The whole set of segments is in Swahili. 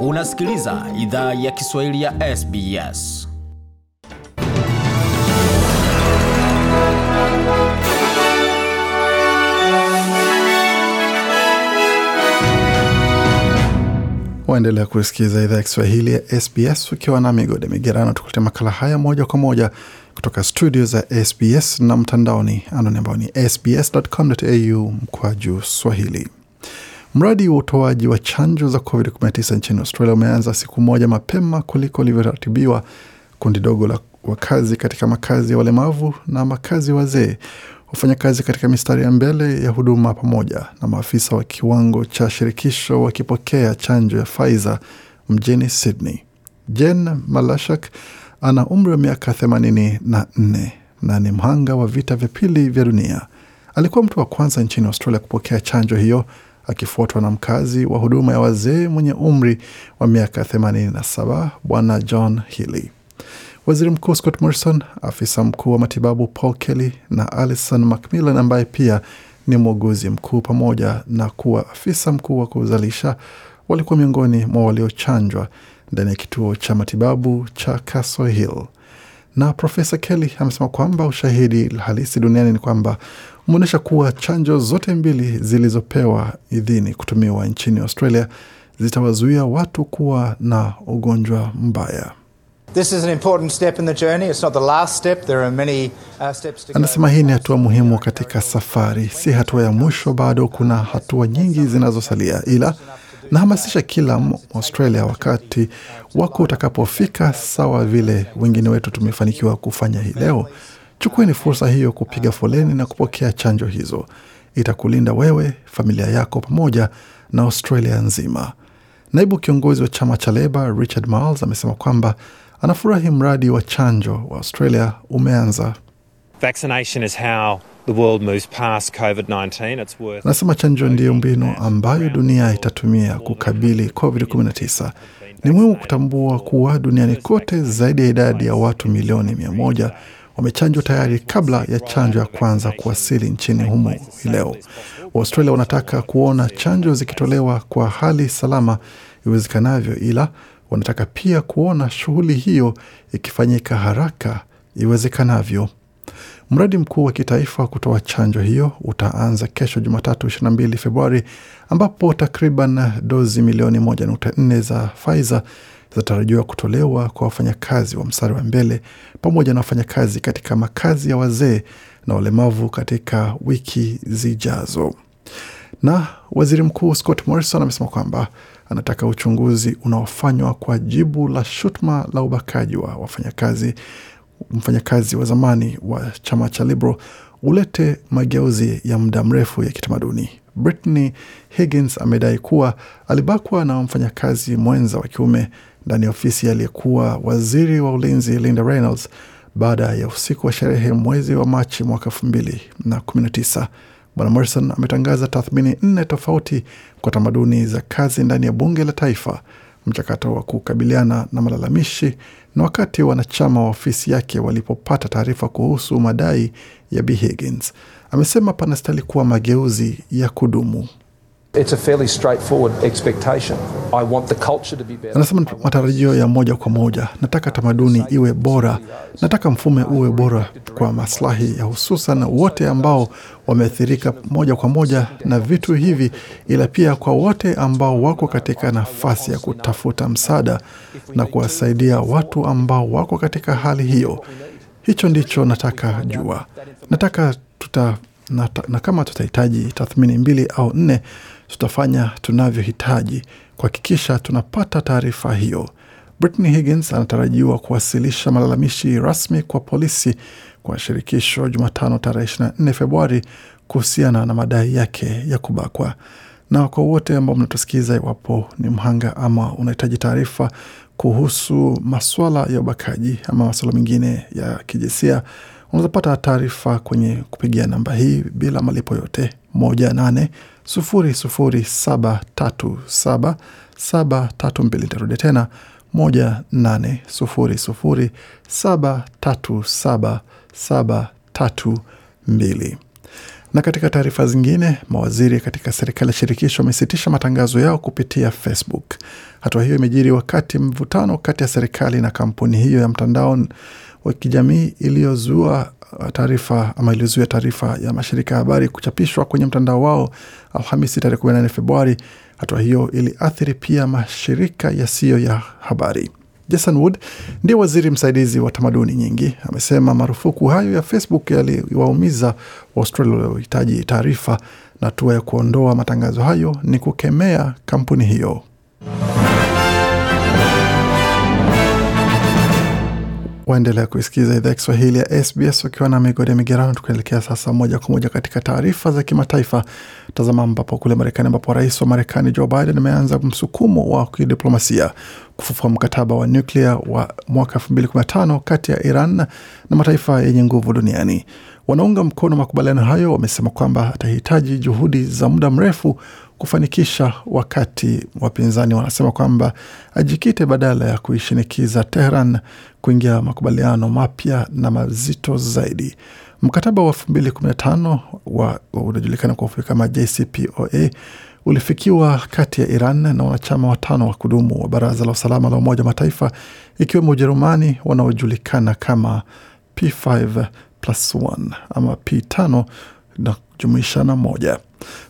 Unasikiliza idhaa ya Kiswahili ya SBS. Waendelea kusikiliza idhaa ya Kiswahili ya SBS ukiwa na migode migerano, tukuletea makala haya moja kwa moja kutoka studio za SBS na mtandaoni, anwani ambao ni sbs.com.au juu swahili. Mradi wa utoaji wa chanjo za COVID-19 nchini Australia umeanza siku moja mapema kuliko ilivyoratibiwa. Kundi dogo la wakazi katika makazi ya walemavu na makazi wazee wafanyakazi katika mistari ya mbele ya huduma pamoja na maafisa wa kiwango cha shirikisho wakipokea chanjo ya Pfizer mjini Sydney. Jen Malashak ana umri wa miaka 84 na ni mhanga wa vita vya pili vya dunia. Alikuwa mtu wa kwanza nchini Australia kupokea chanjo hiyo akifuatwa na mkazi wa huduma ya wazee mwenye umri wa miaka 87 Bwana John Healy. Waziri Mkuu Scott Morrison, afisa mkuu wa matibabu Paul Kelly na Alison Macmillan ambaye pia ni mwaguzi mkuu pamoja na kuwa afisa mkuu wa kuzalisha walikuwa miongoni mwa waliochanjwa ndani ya kituo cha matibabu cha Castle Hill. Na Profesa Kelly amesema kwamba ushahidi halisi duniani ni kwamba umeonyesha kuwa chanjo zote mbili zilizopewa idhini kutumiwa nchini Australia zitawazuia watu kuwa na ugonjwa mbaya. Uh, Anasema hii ni hatua muhimu katika safari, si hatua ya mwisho. Bado kuna hatua nyingi zinazosalia, ila nahamasisha kila Australia wakati wako utakapofika, sawa vile wengine wetu tumefanikiwa kufanya hii leo Chukueni fursa hiyo kupiga foleni na kupokea chanjo hizo. Itakulinda wewe, familia yako, pamoja na Australia nzima. Naibu kiongozi wa chama cha Leba Richard Marles amesema kwamba anafurahi mradi wa chanjo wa Australia umeanza. Anasema chanjo ndiyo mbinu ambayo dunia itatumia kukabili COVID-19. Ni muhimu kutambua kuwa duniani kote zaidi ya idadi ya watu milioni mia moja wamechanjwa tayari kabla ya chanjo ya kwanza kuwasili nchini humo hii leo. Waustralia wanataka kuona chanjo zikitolewa kwa hali salama iwezekanavyo, ila wanataka pia kuona shughuli hiyo ikifanyika haraka iwezekanavyo. Mradi mkuu wa kitaifa wa kutoa chanjo hiyo utaanza kesho Jumatatu 22 Februari, ambapo takriban dozi milioni 1.4 za Pfizer zinatarajiwa kutolewa kwa wafanyakazi wa mstari wa mbele pamoja na wafanyakazi katika makazi ya wazee na walemavu katika wiki zijazo. Na waziri mkuu Scott Morrison amesema kwamba anataka uchunguzi unaofanywa kwa jibu la shutuma la ubakaji wa wafanyakazi mfanyakazi wa zamani wa chama cha Liberal ulete mageuzi ya muda mrefu ya kitamaduni. Brittany Higgins amedai kuwa alibakwa na mfanyakazi mwenza wa kiume ndani ya ofisi aliyekuwa waziri wa ulinzi Linda Reynolds baada ya usiku wa sherehe mwezi wa Machi mwaka elfu mbili na kumi na tisa. Bwana Morrison ametangaza tathmini nne tofauti kwa tamaduni za kazi ndani ya bunge la taifa, mchakato wa kukabiliana na malalamishi, na wakati wanachama wa ofisi yake walipopata taarifa kuhusu madai ya B Higgins, amesema panastahili kuwa mageuzi ya kudumu. It's a fairly straightforward expectation. I want the culture to be better. Anasema matarajio ya moja kwa moja, nataka tamaduni iwe bora, nataka mfume uwe bora kwa maslahi ya hususan wote ambao wameathirika moja kwa moja na vitu hivi, ila pia kwa wote ambao wako katika nafasi ya kutafuta msaada na kuwasaidia watu ambao wako katika hali hiyo. Hicho ndicho nataka jua, nataka tuta na, na kama tutahitaji tathmini mbili au nne tutafanya tunavyohitaji kuhakikisha tunapata taarifa hiyo. Brittany Higgins anatarajiwa kuwasilisha malalamishi rasmi kwa polisi kwa shirikisho Jumatano tarehe 24 Februari kuhusiana na madai yake ya kubakwa. Na kwa wote ambao mnatusikiza, iwapo ni mhanga ama unahitaji taarifa kuhusu maswala ya ubakaji ama maswala mengine ya kijinsia, unaweza pata taarifa kwenye kupigia namba hii bila malipo yote, moja nane 00737773. Nitarudia tena 1800737773. Na katika taarifa zingine, mawaziri katika serikali ya shirikisho wamesitisha matangazo yao kupitia Facebook. Hatua hiyo imejiri wakati mvutano kati ya serikali na kampuni hiyo ya mtandao wa kijamii iliyozua taarifa ama iliyozuia taarifa ya mashirika ya habari kuchapishwa kwenye mtandao wao Alhamisi tarehe 14 Februari. Hatua hiyo iliathiri pia mashirika yasiyo ya habari. Jason Wood ndiye waziri msaidizi wa tamaduni nyingi, amesema marufuku hayo ya Facebook yaliwaumiza Waustralia waliohitaji taarifa, na hatua ya kuondoa matangazo hayo ni kukemea kampuni hiyo. Waendelea kuisikiza idhaa ya Kiswahili ya SBS wakiwa na migodi ya migerano. tukaelekea sasa moja kwa moja katika taarifa za kimataifa, tazama ambapo kule Marekani, ambapo rais wa Marekani Joe Biden ameanza msukumo wa kidiplomasia kufufua mkataba wa nuklia wa mwaka 2015 kati ya Iran na mataifa yenye nguvu duniani. Wanaunga mkono makubaliano hayo wamesema kwamba atahitaji juhudi za muda mrefu kufanikisha, wakati wapinzani wanasema kwamba ajikite badala ya kuishinikiza Tehran kuingia makubaliano mapya na mazito zaidi. Mkataba wa 2015 wa unajulikana kwa ufupi kama JCPOA ulifikiwa kati ya Iran na wanachama watano wa kudumu wa Baraza la Usalama la Umoja wa Mataifa, ikiwemo Ujerumani wanaojulikana kama P5 ama P5 na kujumuisha na moja.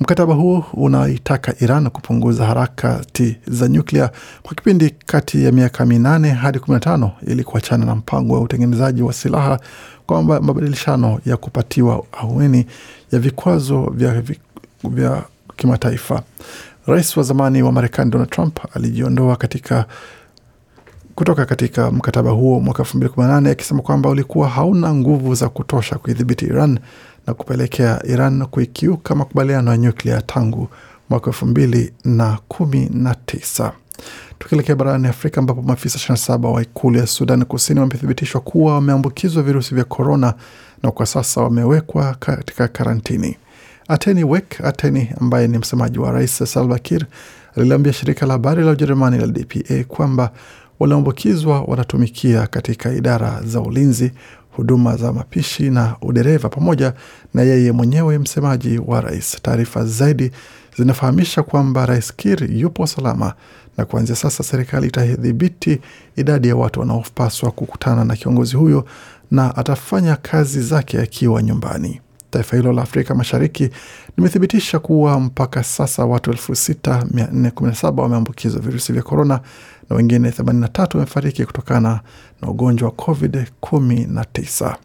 Mkataba huo unaitaka Iran kupunguza harakati za nyuklia kwa kipindi kati ya miaka minane hadi 15 ili kuachana na mpango wa utengenezaji wa silaha kwa mabadilishano ya kupatiwa aweni ya vikwazo vya, vya kimataifa. Rais wa zamani wa Marekani Donald Trump alijiondoa katika kutoka katika mkataba huo mwaka 2018 akisema kwamba ulikuwa hauna nguvu za kutosha kuidhibiti Iran na kupelekea Iran kuikiuka makubaliano ya nyuklia tangu mwaka elfu mbili na kumi na tisa. Tukielekea barani Afrika ambapo maafisa 27 wa ikulu ya Sudan Kusini wamethibitishwa kuwa wameambukizwa virusi vya korona na kwa sasa wamewekwa katika karantini. Ateni Wek Ateni, ambaye ni msemaji wa rais Salva Kiir, aliliambia shirika la habari la Ujerumani la DPA kwamba walioambukizwa wanatumikia katika idara za ulinzi, huduma za mapishi na udereva pamoja na yeye mwenyewe msemaji wa rais. Taarifa zaidi zinafahamisha kwamba Rais kir yupo salama na kuanzia sasa serikali itadhibiti idadi ya watu wanaopaswa kukutana na kiongozi huyo na atafanya kazi zake akiwa nyumbani taifa hilo la Afrika Mashariki limethibitisha kuwa mpaka sasa watu 6417 wameambukizwa virusi vya korona na wengine 83 wamefariki kutokana na ugonjwa wa COVID-19.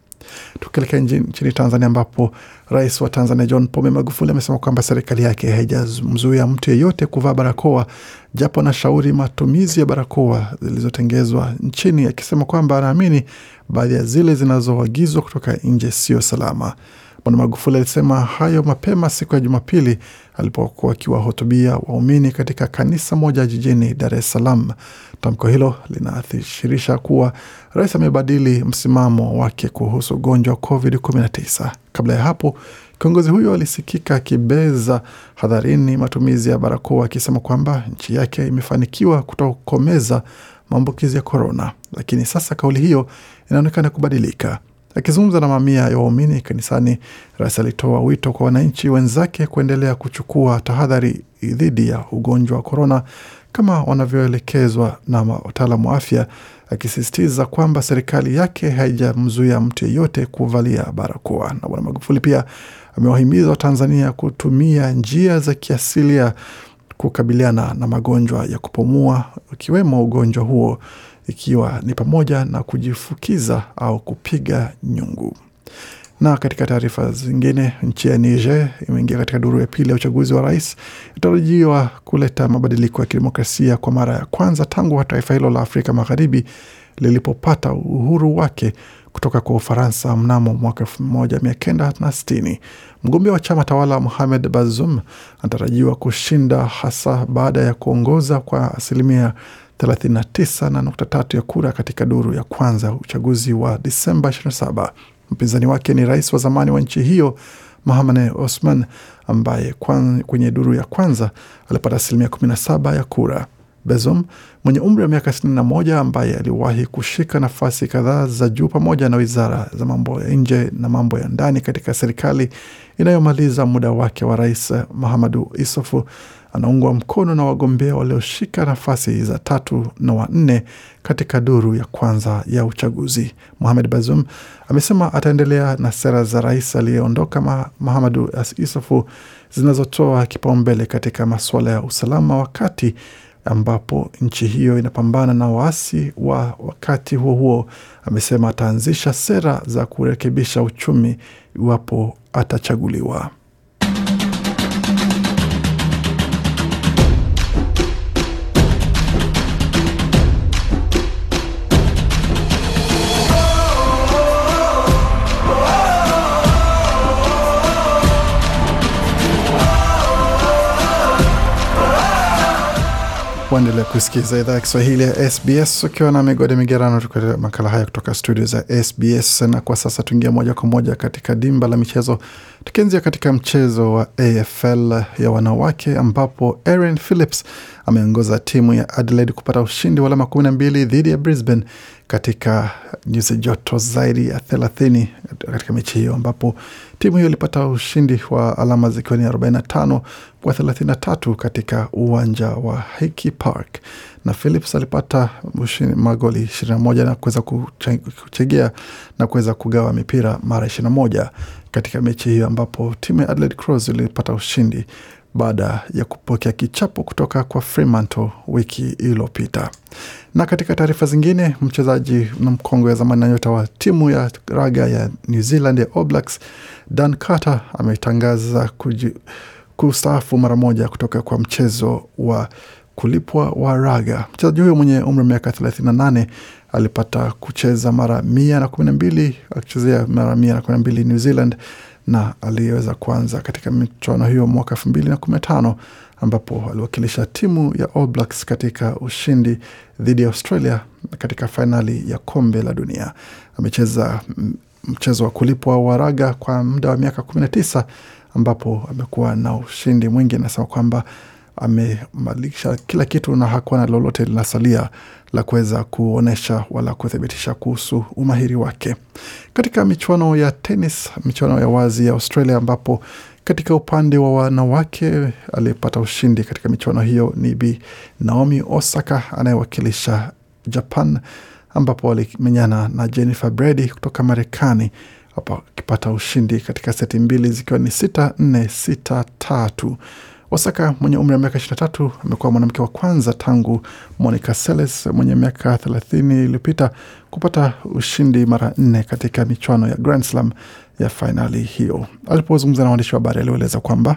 Tukielekea nchini Tanzania, ambapo rais wa Tanzania John Pombe Magufuli amesema kwamba serikali yake haijamzuia mtu yeyote kuvaa barakoa, japo anashauri matumizi ya barakoa zilizotengezwa nchini, akisema kwamba anaamini baadhi ya zile zinazoagizwa kutoka nje sio salama. Bwana Magufuli alisema hayo mapema siku ya Jumapili alipokuwa akiwahutubia waumini katika kanisa moja jijini Dar es Salaam. Tamko hilo linaathirisha kuwa rais amebadili msimamo wake kuhusu ugonjwa wa COVID-19. Kabla ya hapo, kiongozi huyo alisikika akibeza hadharini matumizi ya barakoa, akisema kwamba nchi yake imefanikiwa kutokomeza maambukizi ya korona, lakini sasa kauli hiyo inaonekana kubadilika. Akizungumza na mamia ya waumini kanisani, Rais alitoa wito kwa wananchi wenzake kuendelea kuchukua tahadhari dhidi ya ugonjwa wa korona kama wanavyoelekezwa na wataalamu wa afya, akisisitiza kwamba serikali yake haijamzuia mtu yeyote kuvalia barakoa. Na Bwana Magufuli pia amewahimiza Watanzania kutumia njia za kiasilia kukabiliana na magonjwa ya kupumua ikiwemo ugonjwa huo ikiwa ni pamoja na kujifukiza au kupiga nyungu. Na katika taarifa zingine, nchi ya Niger imeingia katika duru ya pili ya uchaguzi wa rais itarajiwa kuleta mabadiliko ya kidemokrasia kwa mara ya kwanza tangu taifa hilo la Afrika Magharibi lilipopata uhuru wake kutoka kwa Ufaransa mnamo mwaka 1960. Mgombea wa chama tawala Mohamed Bazoum anatarajiwa kushinda hasa baada ya kuongoza kwa asilimia 39.3 ya kura katika duru ya kwanza uchaguzi wa Disemba 27. Mpinzani wake ni rais wa zamani wa nchi hiyo Mahamane Osman ambaye kwenye duru ya kwanza alipata asilimia 17 ya kura. Bazoum mwenye umri wa miaka 61 ambaye aliwahi kushika nafasi kadhaa za juu pamoja na wizara za mambo ya nje na mambo ya ndani katika serikali inayomaliza muda wake wa Rais Mahamadu Isofu anaungwa mkono na wagombea walioshika nafasi za tatu na wanne katika duru ya kwanza ya uchaguzi. Mohamed Bazoum amesema ataendelea na sera za rais aliyeondoka Mahamadu Isofu zinazotoa kipaumbele katika masuala ya usalama wakati ambapo nchi hiyo inapambana na waasi wa. Wakati huo huo, amesema ataanzisha sera za kurekebisha uchumi iwapo atachaguliwa. Waendelea kusikiza idhaa ya Kiswahili ya SBS ukiwa na migode migerano, tukuletea makala haya kutoka studio za SBS. Na kwa sasa tuingia moja kwa moja katika dimba la michezo Tukianzia katika mchezo wa AFL ya wanawake ambapo Erin Phillips ameongoza timu ya Adelaide kupata ushindi wa alama mbili dhidi ya Brisbane katika nyuzi joto zaidi ya 30 katika mechi hiyo, ambapo timu hiyo ilipata ushindi wa alama zikiwa ni 45 kwa 33 katika uwanja wa Hiki Park, na Phillips alipata ushindi magoli 21 na kuweza kuchegea na kuweza kugawa mipira mara 21 katika mechi hiyo ambapo timu ya Adelaide Crows ilipata ushindi baada ya kupokea kichapo kutoka kwa Fremantle wiki iliyopita. Na katika taarifa zingine, mchezaji na mkongwe wa zamani na nyota wa timu ya raga ya New Zealand ya All Blacks Dan Carter ametangaza kustaafu mara moja kutoka kwa mchezo wa kulipwa wa raga. Mchezaji huyo mwenye umri wa miaka 38 alipata kucheza mara mia na kumi na mbili akichezea mara mia na kumi na mbili New Zealand na aliweza kuanza katika michuano hiyo mwaka elfu mbili na kumi na tano ambapo aliwakilisha timu ya All Blacks katika ushindi dhidi ya Australia katika fainali ya kombe la dunia. Amecheza mchezo wa kulipwa wa raga kwa muda wa miaka tisa ambapo amekuwa na ushindi mwingi. Anasema kwamba amemalisha kila kitu na hakuwa na lolote linasalia la kuweza kuonyesha wala kuthibitisha kuhusu umahiri wake. Katika michuano ya tenis, michuano ya wazi ya Australia, ambapo katika upande wa wanawake aliyepata ushindi katika michuano hiyo ni Bi Naomi Osaka anayewakilisha Japan, ambapo alimenyana na Jennifer Brady kutoka Marekani akipata ushindi katika seti mbili zikiwa ni sita nne sita tatu. Wasaka mwenye umri wa miaka 23 amekuwa mwanamke wa kwanza tangu Monica Seles mwenye miaka 30 iliyopita kupata ushindi mara nne katika michuano ya Grand Slam ya fainali hiyo. Alipozungumza na waandishi wa habari, alieleza kwamba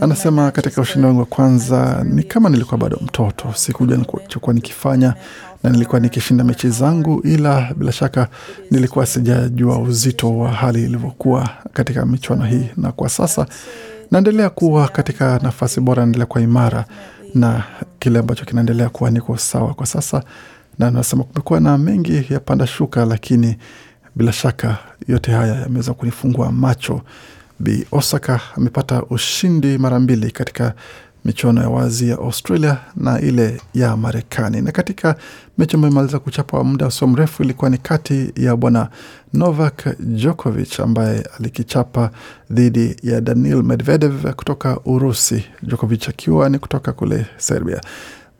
Anasema katika ushindi wangu wa kwanza ni kama nilikuwa bado mtoto, sikujua nilichokuwa nikifanya na nilikuwa nikishinda mechi zangu, ila bila shaka nilikuwa sijajua uzito wa hali ilivyokuwa katika michuano hii, na kwa sasa naendelea kuwa katika nafasi bora, naendelea kuwa imara na kile ambacho kinaendelea kuwa niko sawa kwa sasa, na nasema kumekuwa na mengi ya panda shuka, lakini bila shaka yote haya yameweza kunifungua macho. Bi Osaka amepata ushindi mara mbili katika michuano ya wazi ya Australia na ile ya Marekani. Na katika mechi ambayo imaliza kuchapa muda usio mrefu ilikuwa ni kati ya bwana Novak Djokovic ambaye alikichapa dhidi ya Daniil Medvedev kutoka Urusi, Djokovic akiwa ni kutoka kule Serbia.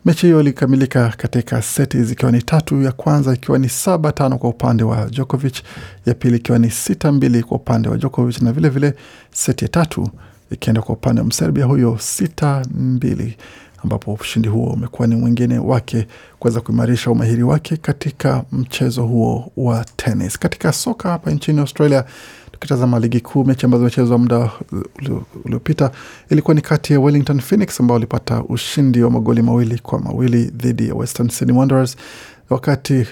Mechi hiyo ilikamilika katika seti zikiwa ni tatu, ya kwanza ikiwa ni saba tano kwa upande wa Djokovic, ya pili ikiwa ni sita mbili kwa upande wa Djokovic, na vilevile vile seti ya tatu ikienda kwa upande wa Mserbia huyo sita mbili, ambapo ushindi huo umekuwa ni mwingine wake kuweza kuimarisha umahiri wake katika mchezo huo wa tenis. Katika soka hapa nchini Australia Tukitazama ligi kuu, mechi ambazo imechezwa muda uliopita ilikuwa ni kati ya Wellington Phoenix ambao walipata ushindi wa magoli mawili kwa mawili dhidi ya Western Sydney Wanderers, wakati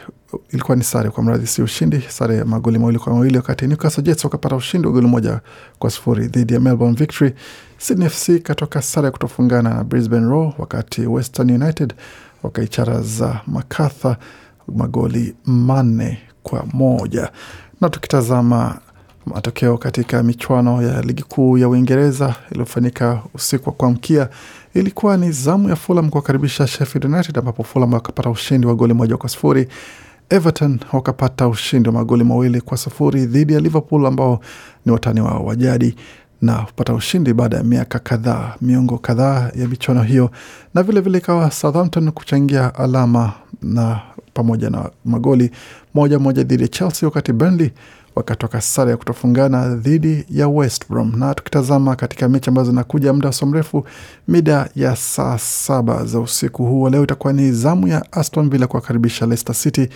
ilikuwa ni sare, kwa mradhi, si ushindi, sare ya magoli mawili kwa mawili, wakati Newcastle Jets wakapata ushindi wa goli moja kwa sufuri dhidi ya Melbourne Victory. Sydney FC katoka sare ya kutofungana na Brisbane Roar, wakati Western United wakaichara za Macarthur magoli manne kwa moja na tukitazama matokeo katika michuano ya ligi kuu ya Uingereza iliyofanyika usiku wa kuamkia ilikuwa ni zamu ya Fulham kuwakaribisha Sheffield United ambapo Fulham wakapata ushindi wa goli moja kwa sufuri Everton wakapata ushindi wa magoli mawili kwa sufuri dhidi ya Liverpool ambao ni watani wao wa jadi na kupata ushindi baada ya miaka kadhaa, miongo kadhaa ya michuano hiyo, na vilevile ikawa vile Southampton kuchangia alama na pamoja na magoli moja moja dhidi ya Chelsea, wakati Burnley wakatoka sare ya kutofungana dhidi ya West Brom. Na tukitazama katika mechi ambazo zinakuja muda so mrefu, mida ya saa saba za usiku huu wa leo itakuwa ni zamu ya Aston Villa kuwakaribisha Leicester City,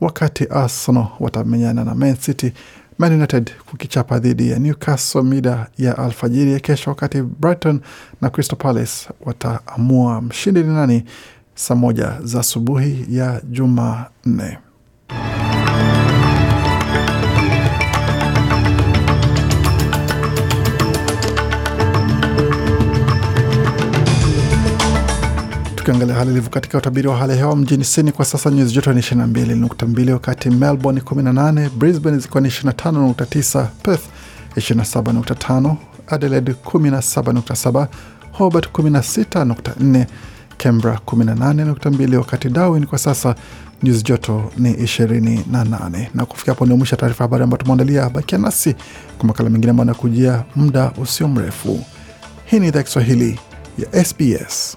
wakati Arsenal watamenyana na Man City, Man United kukichapa dhidi ya Newcastle mida ya alfajiri ya kesho, wakati Brighton na Crystal Palace wataamua mshindi ni nani saa moja za asubuhi ya Jumanne. Tukiangalia hali ilivyo katika utabiri wa hali ya hewa mjini Sydney kwa sasa nyuzi joto ni 22.2, wakati Melbourne 18, Brisbane zikiwa ni 25.9, Perth 27.5, Adelaide 17.7, Hobart 16.4, Canberra 18.2, wakati Darwin kwa sasa nyuzi joto ni 28. Na kufikia hapo ndio mwisho wa taarifa habari ambayo tumeandalia. Bakia nasi kwa makala mengine ambayo anakujia muda usio mrefu. Hii ni idhaa Kiswahili ya SBS.